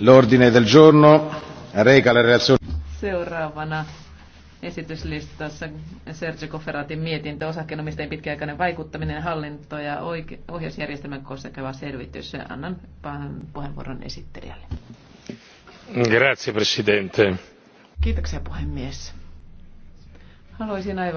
L'ordine del giorno reca la relazione. Seuraavana esityslistassa Sergio Koferatin mietintö osakkeenomistajien pitkäaikainen vaikuttaminen hallinto- ja ohjausjärjestelmän koskeva selvitys. Annan puheenvuoron esittelijälle. Grazie, Presidente. Kiitoksia puhemies. Haluaisin aivan